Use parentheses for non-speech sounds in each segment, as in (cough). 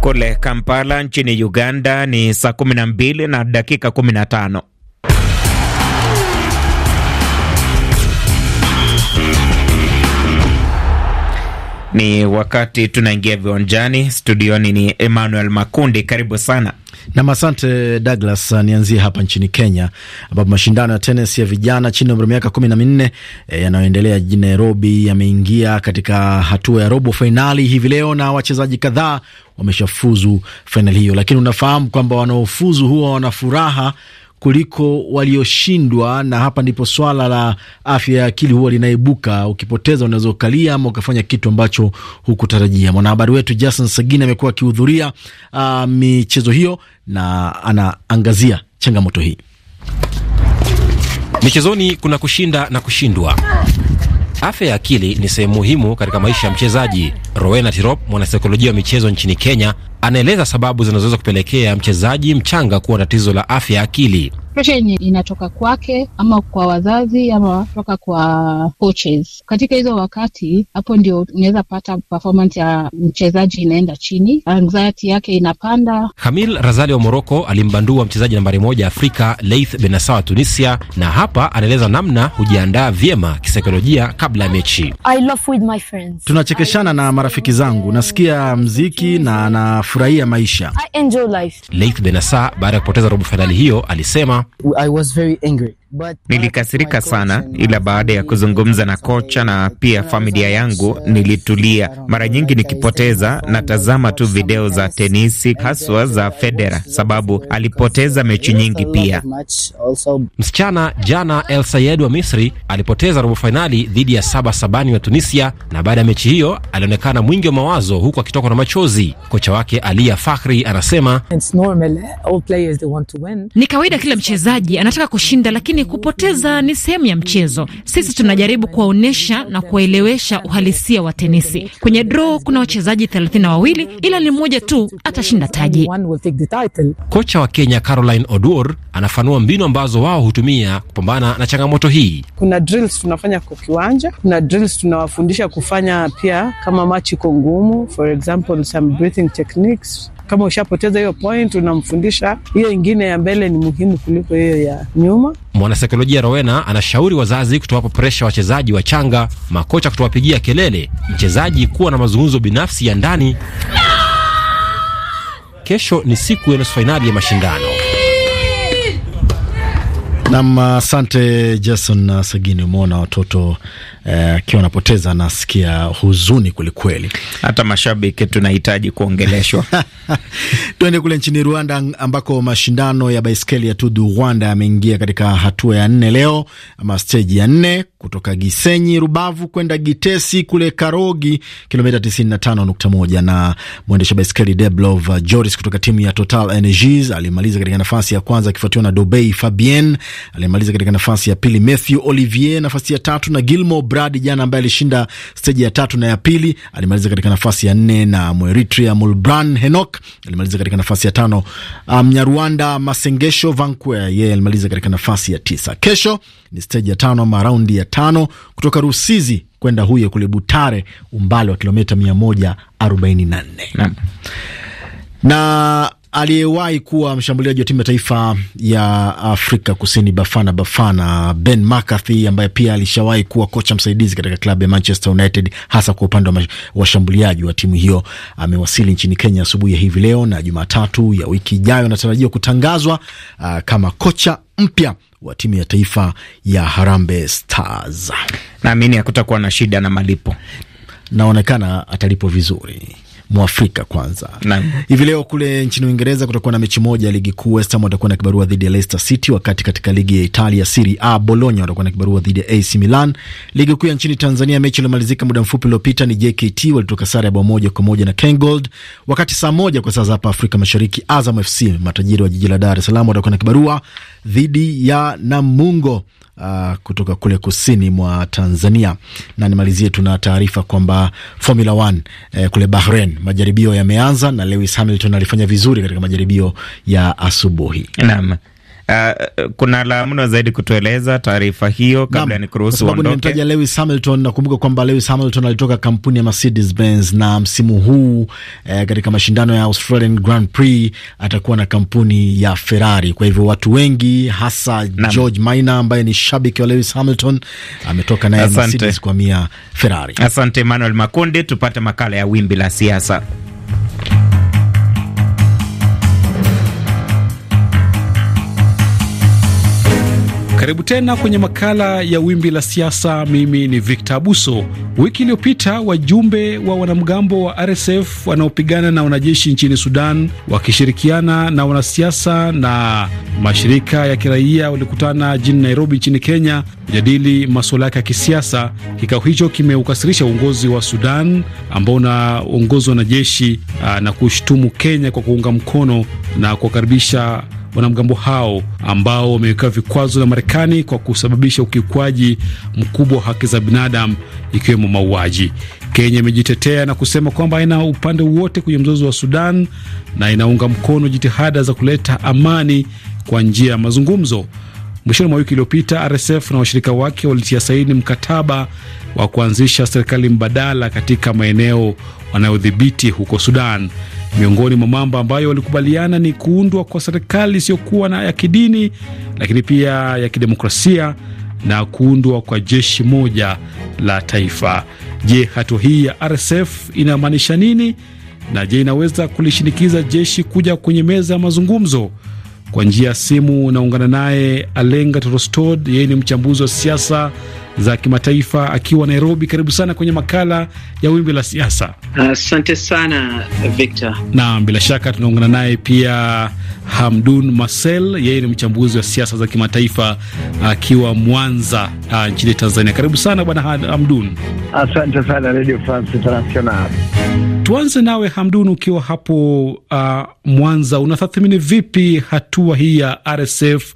Kule Kampala nchini Uganda ni saa 12 na dakika 15. Ni wakati tunaingia viwanjani. Studioni ni Emmanuel Makundi, karibu sana nam. Asante Douglas. Ah, nianzie hapa nchini Kenya ambapo mashindano ya tenis ya vijana chini ya umri wa miaka kumi na minne e, yanayoendelea jijini Nairobi yameingia katika hatua ya robo fainali hivi leo na wachezaji kadhaa wameshafuzu fainali hiyo, lakini unafahamu kwamba wanaofuzu huwa wana furaha kuliko walioshindwa, na hapa ndipo swala la afya ya akili huwa linaibuka. Ukipoteza unaweza ukalia ama ukafanya kitu ambacho hukutarajia. Mwanahabari wetu Jason sagin amekuwa akihudhuria uh, michezo hiyo na anaangazia changamoto hii. Michezoni kuna kushinda na kushindwa. Afya ya akili ni sehemu muhimu katika maisha ya mchezaji. Rowena Tirop, mwanasaikolojia wa michezo nchini Kenya, anaeleza sababu zinazoweza kupelekea mchezaji mchanga kuwa na tatizo la afya ya akili pressure yenye inatoka kwake ama kwa wazazi ama toka kwa coaches. Katika hizo wakati hapo ndio unaweza pata performance ya mchezaji inaenda chini, anxiety yake inapanda. Hamil Razali wa Moroko alimbandua mchezaji nambari moja Afrika Leith benasa wa Tunisia, na hapa anaeleza namna hujiandaa vyema kisaikolojia kabla ya mechi. Tunachekeshana na marafiki zangu, nasikia mziki na anafurahia maisha. Leith Benassa baada ya kupoteza robo fainali hiyo alisema I was very angry. Nilikasirika sana, ila baada ya kuzungumza na kocha na pia familia yangu nilitulia. Mara nyingi nikipoteza, natazama tu video za tenisi, haswa za Federa sababu alipoteza mechi nyingi. Pia msichana jana El Sayed wa Misri alipoteza robo fainali dhidi ya Saba Sabani wa Tunisia, na baada ya mechi hiyo alionekana mwingi wa mawazo, huku akitokwa na machozi. Kocha wake Alia Fakhri anasema ni kawaida, kila mchezaji anataka kushinda, lakini lakini kupoteza ni sehemu ya mchezo. Sisi tunajaribu kuwaonyesha na kuwaelewesha uhalisia wa tenisi. Kwenye draw kuna wachezaji thelathini na wawili, ila ni mmoja tu atashinda taji. Kocha wa Kenya Caroline Oduor anafanua mbinu ambazo wao hutumia kupambana na changamoto hii. Kuna drills tunafanya kwa kiwanja, kuna drills tunawafundisha kufanya pia kama machi iko ngumu, for example some breathing techniques kama ushapoteza hiyo point, unamfundisha hiyo ingine ya mbele ni muhimu kuliko hiyo ya nyuma. Mwanasaikolojia Rowena anashauri wazazi kutowapa presha wachezaji wachanga, makocha kutowapigia kelele, mchezaji kuwa na mazungumzo binafsi ya ndani. Kesho ni siku ya nusu fainali ya mashindano. Nam, asante Jason na Sagini. Umeona watoto eh, akiwa eh, anapoteza, anasikia huzuni kwelikweli. Hata mashabiki tunahitaji kuongeleshwa. (laughs) Tuende kule nchini Rwanda ambako mashindano ya baiskeli ya Tour du Rwanda yameingia katika hatua ya nne leo ama steji ya nne kutoka Gisenyi Rubavu kwenda Gitesi kule Karogi, kilomita 95.1. Na mwendesha baiskeli Deblov Joris kutoka timu ya Total Energies alimaliza katika nafasi ya kwanza akifuatiwa na Dobei Fabien alimaliza katika nafasi ya pili, Matthew Olivier nafasi ya tatu, na Gilmo Brad jana ambaye alishinda steji ya tatu na ya pili alimaliza katika nafasi ya nne, na Mweritria Mulbran Henok alimaliza katika nafasi ya tano. Mnyarwanda um, Masengesho Vanquer yeye alimaliza katika nafasi ya tisa. Kesho ni steji ya tano ama raundi ya tano kutoka Rusizi kwenda Huye kule Butare, umbali wa kilomita 144 na, na aliyewahi kuwa mshambuliaji wa timu ya taifa ya Afrika Kusini Bafana Bafana, Ben McCarthy ambaye pia alishawahi kuwa kocha msaidizi katika klabu ya Manchester United, hasa kwa upande wa washambuliaji wa timu hiyo, amewasili nchini Kenya asubuhi ya hivi leo, na Jumatatu ya wiki ijayo anatarajiwa kutangazwa uh, kama kocha mpya wa timu ya taifa ya Harambee Stars. Naamini hakutakuwa na shida na malipo, naonekana atalipwa vizuri. Mwafrika kwanza. Hivi leo kule nchini Uingereza kutakuwa na mechi moja ya ligi kuu. West Ham watakuwa na kibarua dhidi ya Leicester City, wakati katika ligi ya Italia Serie A Bologna watakuwa na kibarua dhidi ya AC Milan. Ligi kuu ya nchini Tanzania, mechi iliyomalizika muda mfupi uliopita ni JKT walitoka sare ya bao moja kwa moja na Kengold, wakati saa moja kwa saa za hapa Afrika Mashariki Azam FC matajiri wa jiji la Dar es Salaam watakuwa na kibarua dhidi ya Namungo uh, kutoka kule kusini mwa Tanzania. Na nimalizie, tuna taarifa kwamba Formula 1 eh, kule Bahrain majaribio yameanza na Lewis Hamilton alifanya vizuri katika majaribio ya asubuhi. Naam. Uh, kuna la mno zaidi kutueleza taarifa hiyo kabla ya nikuruhusu ondoke. Nimemtaja Lewis Hamilton, nakumbuka kwamba Lewis Hamilton alitoka kampuni ya Mercedes Benz na msimu huu eh, katika mashindano ya Australian Grand Prix atakuwa na kampuni ya Ferrari. Kwa hivyo watu wengi hasa Naam. George Minor ambaye ni shabiki wa Lewis Hamilton ametoka naye Mercedes kwa mia Ferrari. Asante Emmanuel Makundi, tupate makala ya wimbi la siasa. Karibu tena kwenye makala ya Wimbi la Siasa. Mimi ni Victor Abuso. Wiki iliyopita wajumbe wa wanamgambo wa RSF wanaopigana na wanajeshi nchini Sudan wakishirikiana na wanasiasa na mashirika ya kiraia walikutana jijini Nairobi nchini Kenya kujadili masuala yake ya kisiasa. Kikao hicho kimeukasirisha uongozi wa Sudan ambao unaongozwa na jeshi ah, na kushtumu Kenya kwa kuunga mkono na kuwakaribisha wanamgambo hao ambao wamewekewa vikwazo na Marekani kwa kusababisha ukiukwaji mkubwa wa haki za binadamu ikiwemo mauaji. Kenya imejitetea na kusema kwamba haina upande wote kwenye mzozo wa Sudan na inaunga mkono jitihada za kuleta amani kwa njia ya mazungumzo. Mwishoni mwa wiki iliyopita, RSF na washirika wake walitia saini mkataba wa kuanzisha serikali mbadala katika maeneo wanayodhibiti huko Sudan. Miongoni mwa mambo ambayo walikubaliana ni kuundwa kwa serikali isiyokuwa na ya kidini, lakini pia ya kidemokrasia na kuundwa kwa jeshi moja la taifa. Je, hatua hii ya RSF inamaanisha nini? Na je, inaweza kulishinikiza jeshi kuja kwenye meza ya mazungumzo? Kwa njia ya simu unaungana naye Alenga Torostod, yeye ni mchambuzi wa siasa za kimataifa akiwa Nairobi. Karibu sana kwenye makala ya wimbi la siasa. Asante uh, sana Victor. Naam, bila shaka tunaungana naye pia Hamdun Marcel, yeye ni mchambuzi wa siasa za kimataifa akiwa Mwanza uh, nchini Tanzania. Karibu sana bwana Hamdun. Asante sana Radio France International. Tuanze nawe Hamdun, ukiwa hapo uh, Mwanza, unatathmini vipi hatua hii ya RSF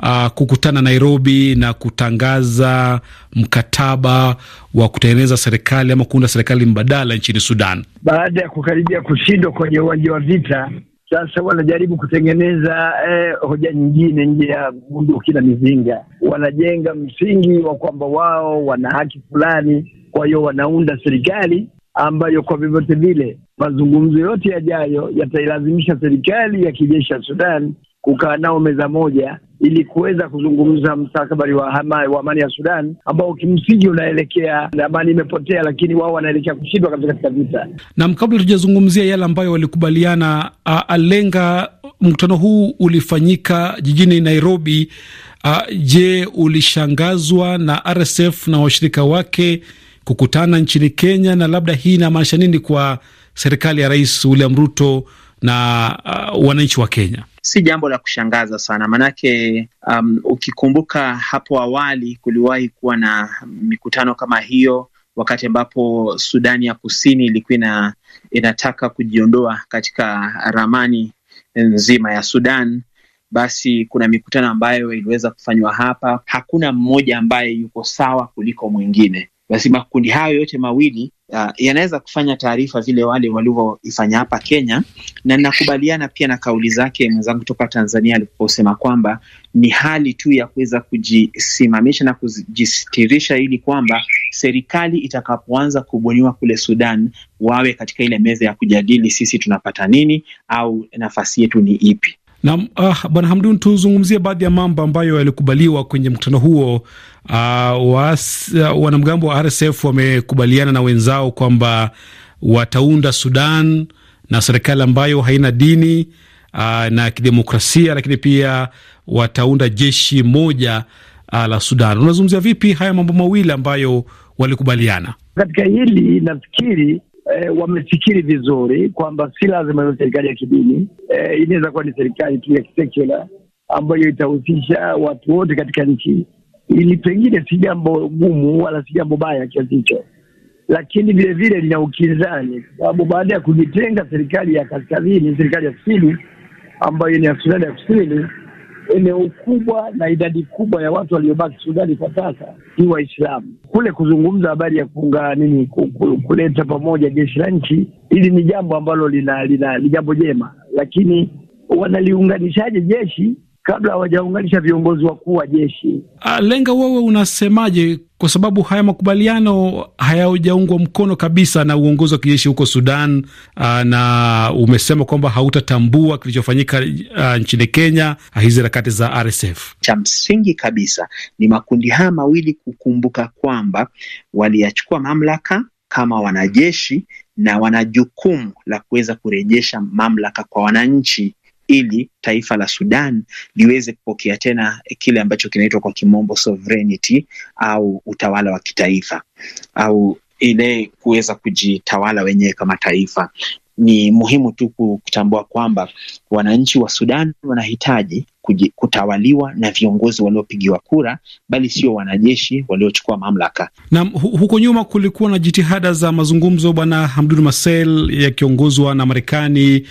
uh, kukutana Nairobi na kutangaza mkataba wa kutengeneza serikali ama kuunda serikali mbadala nchini Sudan baada ya kukaribia kushindwa kwenye uwanja wa vita. Sasa wanajaribu kutengeneza eh, hoja nyingine nje ya bunduki na mizinga. Wanajenga msingi wa kwamba wao wana haki fulani, kwa hiyo wanaunda serikali ambayo kwa vyovyote vile mazungumzo yote yajayo yatailazimisha serikali ya kijeshi ya Sudan kukaa nao meza moja ili kuweza kuzungumza mstakabali wa amani ya Sudan ambao kimsingi unaelekea amani imepotea, lakini wao wanaelekea kushindwa kabisa katika vita. Nam, kabla tujazungumzia yale ambayo walikubaliana alenga, mkutano huu ulifanyika jijini Nairobi. A, je, ulishangazwa na RSF na washirika wake kukutana nchini Kenya, na labda hii inamaanisha nini kwa serikali ya Rais William Ruto na wananchi wa Kenya? si jambo la kushangaza sana maanake, um, ukikumbuka hapo awali kuliwahi kuwa na mikutano kama hiyo wakati ambapo Sudani ya Kusini ilikuwa inataka kujiondoa katika ramani nzima ya Sudan. Basi kuna mikutano ambayo iliweza kufanywa hapa. Hakuna mmoja ambaye yuko sawa kuliko mwingine basi makundi hayo yote mawili uh, yanaweza kufanya taarifa vile wale walivyoifanya hapa Kenya, na nakubaliana pia na kauli zake mwenzangu kutoka Tanzania aliposema kwamba ni hali tu ya kuweza kujisimamisha na kujistirisha ili kwamba serikali itakapoanza kubuniwa kule Sudan wawe katika ile meza ya kujadili sisi tunapata nini au nafasi yetu ni ipi. Na uh, ah, bwana Hamdun, tuzungumzie baadhi ya mambo ambayo yalikubaliwa kwenye mkutano huo. Uh, wanamgambo wa RSF wamekubaliana na wenzao kwamba wataunda Sudan na serikali ambayo haina dini uh, na kidemokrasia, lakini pia wataunda jeshi moja uh, la Sudan. Unazungumzia vipi haya mambo mawili ambayo walikubaliana katika hili? Nafikiri eh, wamefikiri vizuri kwamba si lazima iwe serikali ya kidini eh, inaweza kuwa ni serikali tu ya kisekula ambayo itahusisha watu wote katika nchi, ili pengine si jambo gumu wala si jambo baya kiasi hicho, lakini vilevile lina ukinzani, kwa sababu baada ya kujitenga serikali ya kaskazini, serikali ya kusini ambayo ni ya Sudani ya kusini eneo kubwa na idadi kubwa ya watu waliobaki Sudani kwa sasa ni Waislamu. Kule kuzungumza habari ya kuunga nini, kuleta pamoja jeshi la nchi, hili ni jambo ambalo lina, lina, ni jambo jema, lakini wanaliunganishaje jeshi kabla hawajaunganisha viongozi wakuu wa jeshi. Ah, Lenga, wewe unasemaje? Kwa sababu haya makubaliano hayajaungwa mkono kabisa na uongozi wa kijeshi huko Sudan, ah, na umesema kwamba hautatambua kilichofanyika ah, nchini Kenya, hizi harakati za RSF. Cha msingi kabisa ni makundi haya mawili kukumbuka kwamba waliyachukua mamlaka kama wanajeshi na wana jukumu la kuweza kurejesha mamlaka kwa wananchi ili taifa la Sudan liweze kupokea tena kile ambacho kinaitwa kwa kimombo sovereignty au utawala wa kitaifa au ile kuweza kujitawala wenyewe kama taifa. Ni muhimu tu kutambua kwamba wananchi wa Sudan wanahitaji kutawaliwa na viongozi waliopigiwa kura, bali sio wanajeshi waliochukua mamlaka. Naam, huko nyuma kulikuwa na jitihada za mazungumzo, bwana Hamdun Masel yakiongozwa na Marekani,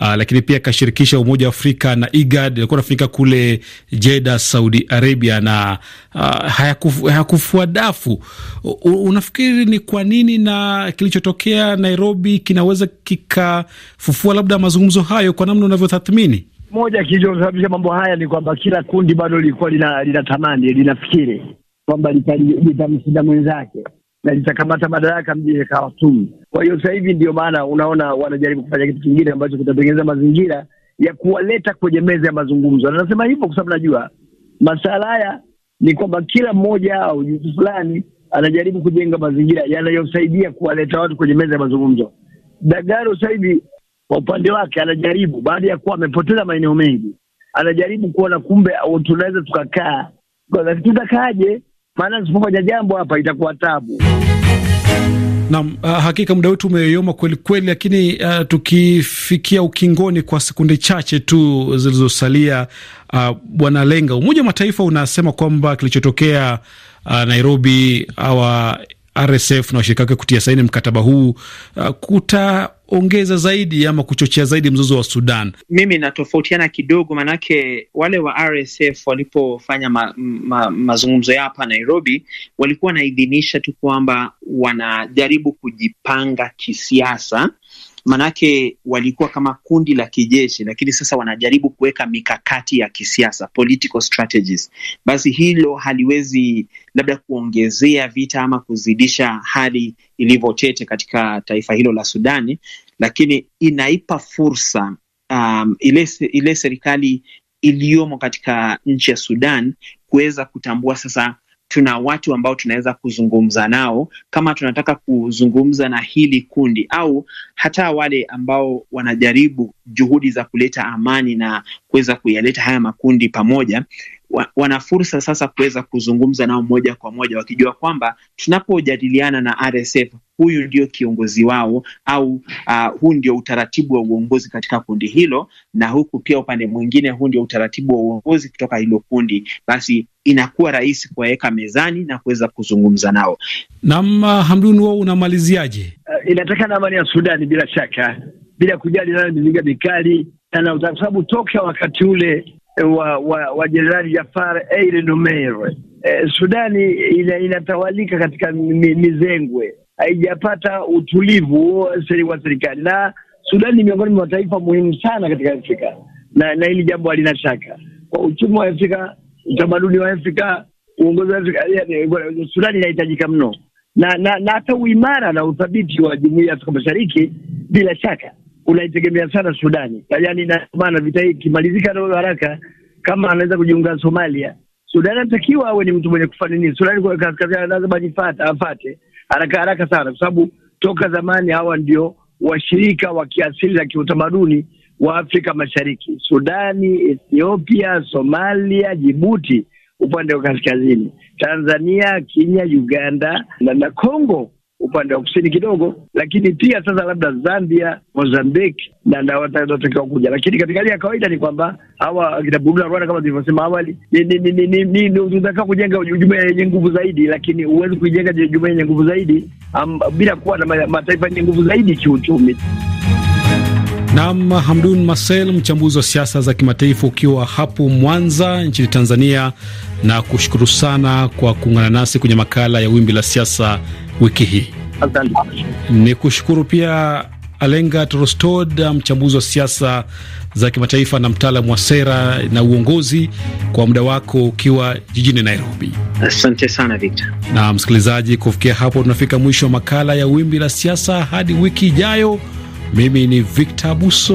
uh, lakini pia akashirikisha Umoja wa Afrika na IGAD, ilikuwa nafanyika kule Jeda, Saudi Arabia, na uh, hayakufua hayakufu dafu. Unafikiri ni kwa nini na kilichotokea Nairobi kinaweza kikafufua labda mazungumzo hayo kwa namna unavyotathmini? moja kilichosababisha mambo haya ni kwamba kila kundi bado lilikuwa linatamani lina linafikiri kwamba litamshinda mwenzake na litakamata madaraka mjini Khartoum. Kwa hiyo sasa hivi ndio maana unaona wanajaribu kufanya kitu kingine ambacho kitatengeneza mazingira ya kuwaleta kwenye meza ya mazungumzo, na nasema hivyo kwa sababu najua masuala haya ni kwamba kila mmoja au mtu fulani anajaribu kujenga mazingira yanayosaidia kuwaleta watu kwenye meza ya mazungumzo. Dagaro sasa hivi kwa upande wake anajaribu, baada ya kuwa amepoteza maeneo mengi, anajaribu kuona kumbe tunaweza tukakaa, tutakaaje? Maana tusipofanya jambo hapa itakuwa tabu. Naam, ah, hakika muda wetu umeyoma kweli kweli, lakini uh, tukifikia ukingoni kwa sekunde chache tu zilizosalia, uh, Bwana Lenga, Umoja wa Mataifa unasema kwamba kilichotokea uh, Nairobi awa RSF na washirika wake kutia saini mkataba huu uh, kuta ongeza zaidi ama kuchochea zaidi mzozo wa Sudan? Mimi natofautiana kidogo, maanake wale wa RSF walipofanya ma, ma, mazungumzo ya hapa Nairobi walikuwa wanaidhinisha tu kwamba wanajaribu kujipanga kisiasa Manake walikuwa kama kundi la kijeshi, lakini sasa wanajaribu kuweka mikakati ya kisiasa, political strategies. Basi hilo haliwezi labda kuongezea vita ama kuzidisha hali ilivyotete katika taifa hilo la Sudani, lakini inaipa fursa um, ile, ile serikali iliyomo katika nchi ya Sudan kuweza kutambua sasa tuna watu ambao tunaweza kuzungumza nao kama tunataka kuzungumza na hili kundi au hata wale ambao wanajaribu juhudi za kuleta amani na kuweza kuyaleta haya makundi pamoja wana fursa sasa kuweza kuzungumza nao moja kwa moja, wakijua kwamba tunapojadiliana na RSF huyu ndio kiongozi wao au uh, huu ndio utaratibu wa uongozi katika kundi hilo, na huku pia upande mwingine huu ndio utaratibu wa uongozi kutoka hilo kundi, basi inakuwa rahisi kuwaweka mezani na kuweza kuzungumza nao. Naam, uh, Hamdun, wao unamaliziaje? Uh, inatakana amani ya Sudani bila shaka, bila kujali nani mizinga mikali, kwa sababu toka wakati ule Eh, wa, wa, wa Jenerali Jafar Eire Numeir. E, eh, Sudani ina, inatawalika katika mizengwe, haijapata utulivu wa serikali, na Sudani ni miongoni mwa mataifa muhimu sana katika Afrika na, na hili jambo halina shaka kwa uchumi wa Afrika, utamaduni wa Afrika, uongozi wa Afrika. Yani, eh, Sudani inahitajika mno na na hata uimara na uthabiti wa jumuiya ya Afrika Mashariki bila shaka unaitegemea sana Sudani, yaani ina maana vita hii ikimalizika na haraka, kama anaweza kujiunga Somalia, Sudani anatakiwa awe ni mtu mwenye kufanya nini. Sudani lazima ajifate, afate haraka haraka sana, kwa sababu toka zamani hawa ndio washirika wa kiasili na kiutamaduni wa Afrika Mashariki: Sudani, Ethiopia, Somalia, Jibuti upande wa kaskazini, Tanzania, Kenya, Uganda na na upande wa kusini kidogo, lakini pia sasa labda Zambia, Mozambiki na na kuja, lakini katika hali ya kawaida ni kwamba hawa kina Burundi na Rwanda kama tulivyosema awali ni kujenga jumuiya yenye nguvu zaidi, lakini huwezi kuijenga jumuiya yenye nguvu zaidi bila kuwa na mataifa yenye nguvu zaidi kiuchumi. Nam Hamdun Marcel, mchambuzi wa siasa za kimataifa, ukiwa hapo Mwanza nchini Tanzania, na kushukuru sana kwa kuungana nasi kwenye makala ya Wimbi la Siasa wiki hii. ni kushukuru pia Alenga Trostod, mchambuzi wa siasa za kimataifa na mtaalamu wa sera na uongozi, kwa muda wako ukiwa jijini Nairobi. Asante sana Victor. Na msikilizaji, kufikia hapo tunafika mwisho wa makala ya Wimbi la Siasa. Hadi wiki ijayo, mimi ni Victor Buso.